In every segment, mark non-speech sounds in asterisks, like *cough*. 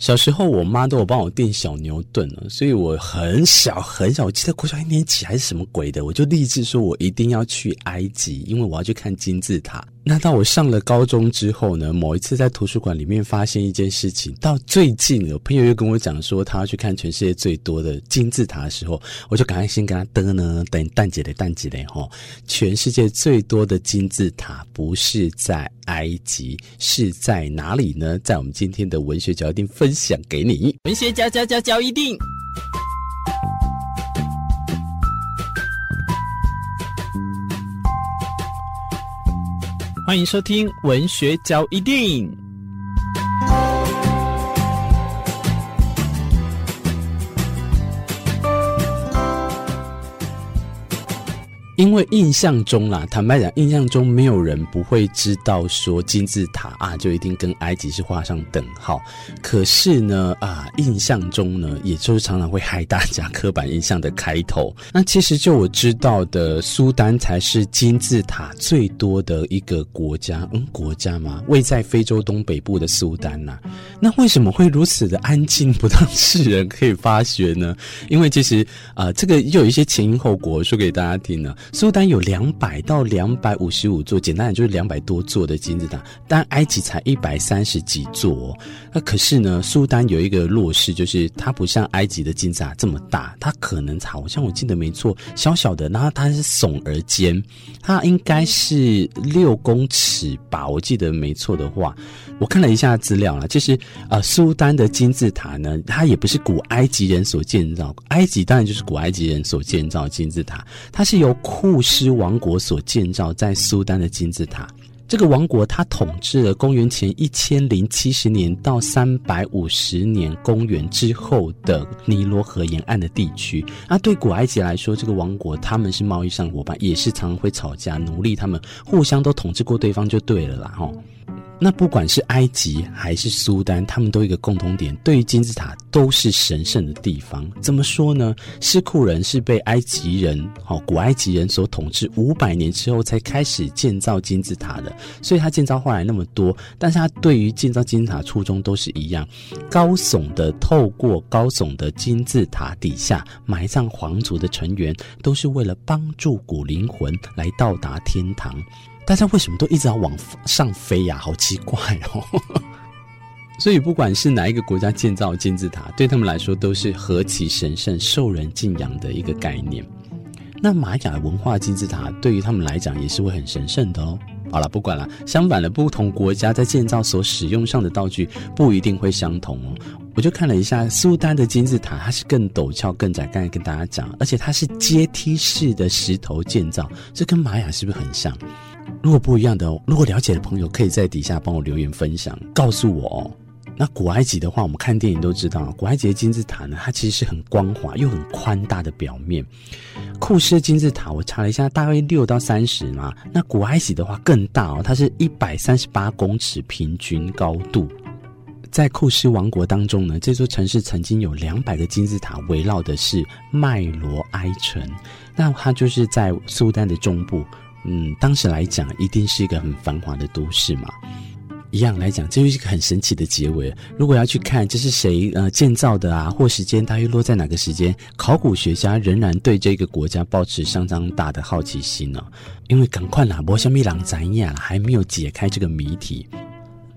小時候，我媽都有幫我訂小牛頓了，所以我很小很小，我記得國小一年級還是什麼鬼的，我就立志說我一定要去埃及，因為我要去看金字塔。那到我上了高中之後呢，某一次在圖書館裡面發現一件事情，到最近有朋友又跟我講說他要去看全世界最多的金字塔的時候，我就趕快先跟他得呢，等蛋姐的蛋姐的哈，全世界最多的金字塔不是在埃及，是在哪裡呢？在我們今天的文學角一定分。分享給你，文嚼，嚼嚼嚼，嚼，一定。歡迎收聽《文嚼，一定》。因為印象中啦、啊，坦白講，印象中沒有人不會知道說金字塔啊，就一定跟埃及是畫上等號。可是呢，啊，印象中呢，也就是常常會害大家刻板印象的開頭。那其實就我知道的，蘇丹才是金字塔最多的一個國家，嗯，國家嘛，位在非洲東北部的蘇丹吶、啊。那為什麼會如此的安靜，不讓世人可以發掘呢？因為其實啊、呃，這個又有一些前因後果說給大家聽呢。蘇丹有兩百到兩百五十五座，簡單點就是兩百多座的金字塔，但埃及才一百三十幾座。那可是呢，蘇丹有一個弱勢，就是它不像埃及的金字塔這麼大，它可能才好像我記得沒錯，小小的，然後它是聳而尖，它應該是六公尺吧，我記得沒錯的話，我看了一下資料啊，就是呃，蘇丹的金字塔呢，它也不是古埃及人所建造，埃及當然就是古埃及人所建造金字塔，它是由。庫施王國所建造在蘇丹的金字塔，這個王國它統治了公元前一千零七十年到三百五十年公元之後的尼羅河沿岸的地區。啊，對古埃及來說，這個王國他們是貿易上夥伴，也是常常會吵架，奴隸他們互相都統治過對方就對了啦，吼，哦。那不管是埃及還是蘇丹，他們都有一個共同點，對於金字塔都是神聖的地方。怎麼說呢？斯庫人是被埃及人，古埃及人所統治五百年之後才開始建造金字塔的，所以他建造後來那麼多，但是他對於建造金字塔初衷都是一樣，高聳的，透過高聳的金字塔底下埋葬皇族的成員，都是為了幫助古靈魂來到達天堂。大家為什麼都一直要往上飛呀、啊？好奇怪哦！ *laughs* 所以不管是哪一個國家建造金字塔，對他們來說都是何其神聖、受人敬仰的一個概念。那瑪雅的文化金字塔對於他們來講也是會很神聖的哦。好了，不管了。相反的，不同國家在建造所使用上的道具不一定會相同哦。我就看了一下蘇丹的金字塔，它是更陡峭、更窄。剛才跟大家講，而且它是階梯式的石頭建造，這跟瑪雅是不是很像？如果不一樣的，如果了解的朋友可以在底下幫我留言分享，告訴我哦。那古埃及的話，我們看電影都知道，古埃及的金字塔呢，它其實是很光滑又很寬大的表面。庫斯金字塔我查了一下，大概六到三十嘛。那古埃及的話更大哦，它是一百三十八公尺平均高度。在庫斯王國當中呢，這座城市曾經有兩百個金字塔圍繞的是麥羅埃城，那它就是在蘇丹的中部。嗯，當時來講，一定是一個很繁華的都市嘛。一樣來講，這就是一個很神奇的結尾。如果要去看，這是誰呃建造的啊？或時間大約落在哪個時間？考古學家仍然對這個國家抱持相當大的好奇心呢、啊。因為趕快拿摩香米朗展呀，還沒有解開這個謎題。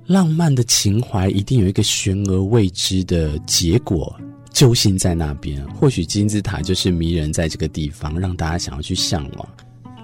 浪漫的情懷一定有一個懸而未知的結果，揪心在那邊。或許金字塔就是迷人在這個地方，讓大家想要去向往。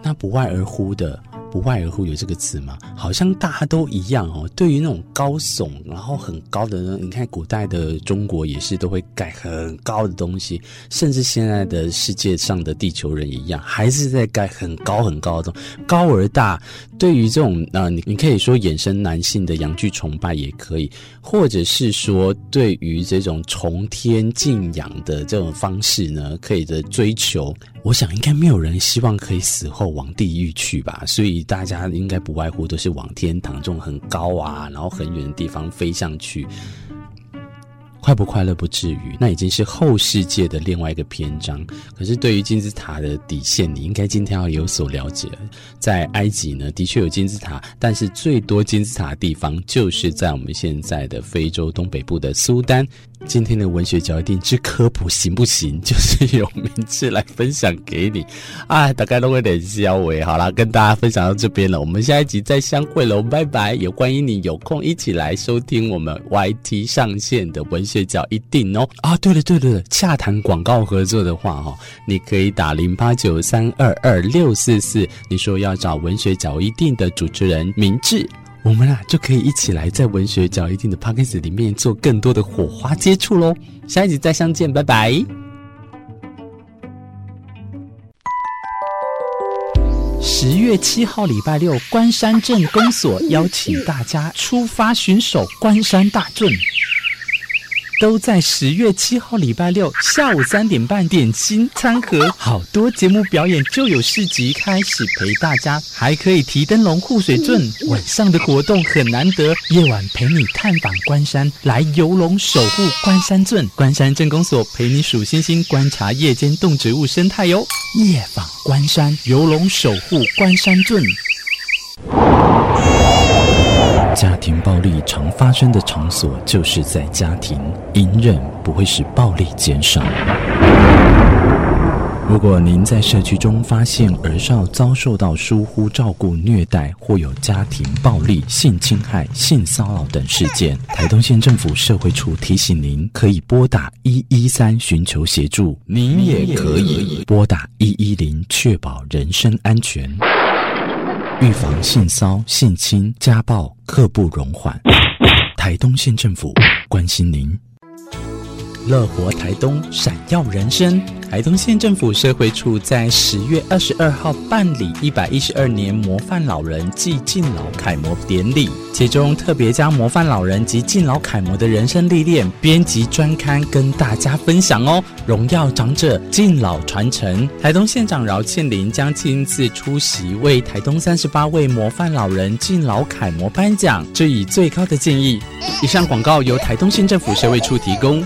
那不外而乎的，不外而乎。有這個詞嗎？好像大家都一樣哦。對於那種高聳然後很高的呢，你看古代的中國也是都會蓋很高的東西，甚至現在的世界上的地球人一樣，還是在蓋很高很高的東西，高而大。對於這種，啊、呃，你你可以說衍生男性的陽具崇拜也可以，或者是說對於這種從天敬仰的這種方式呢，可以的追求。我想，應該沒有人希望可以死後往地獄去吧，所以大家應該不外乎都是往天堂這種很高啊，然後很遠的地方飛上去。快不快樂不至於，那已經是後世界的另外一個篇章。可是對於金字塔的底線，你應該今天要有所了解。在埃及呢，的確有金字塔，但是最多金字塔的地方就是在我們現在的非洲東北部的蘇丹。今天的文嚼字一定之科普行不行？就是有名字來分享給你。啊、哎，大概都會聯繫我。好了，跟大家分享到這邊了，我們下一集再相會嘍，拜拜！也歡迎你有空一起來收聽我們 YT 上線的文嚼字。腳一定哦啊！對了對了，洽談廣告合作的話哈，你可以打零八九三二二六四四。你說要找文學腳一定的主持人明智我們倆、啊、就可以一起來在文學腳一定的帕克 c 裡面做更多的火花接觸嘍。下一集再相見，拜拜。十月七號禮拜六，關山鎮公所邀請大家出、嗯、發尋守關山大鎮。都在十月七號禮拜六下午三點半，點心餐盒、好多節目表演，就有市集開始陪大家，還可以提燈籠護水鎮。晚上的活動很難得，夜晚陪你探訪關山，來游龍守護關山鎮。關山鎮公所陪你數星星，觀察夜間動植物生態喲、哦。夜訪關山，游龍守護關山鎮。家庭暴力常發生的場所就是在家庭，隱忍不會使暴力減少。如果您在社區中發現兒少遭受到疏忽照顧、虐待或有家庭暴力、性侵害、性騷擾等事件，台東縣政府社會處提醒您，可以撥打一一三尋求協助。您也可以撥打一一零確保人身安全。預防性騷、性侵、家暴，刻不容緩。台東縣政府關心您。樂活台東，閃耀人生。台東縣政府社會處在十月二十二號辦理一百一十二年模範老人暨敬老楷模典禮，其中特別將模範老人及敬老楷模的人生歷練編輯專刊跟大家分享哦。榮耀長者，敬老傳承。台東縣長饒慶鈴將親自出席，為台東三十八位模範老人敬老楷模頒獎，致以最高的敬意。以上廣告由台東縣政府社會處提供。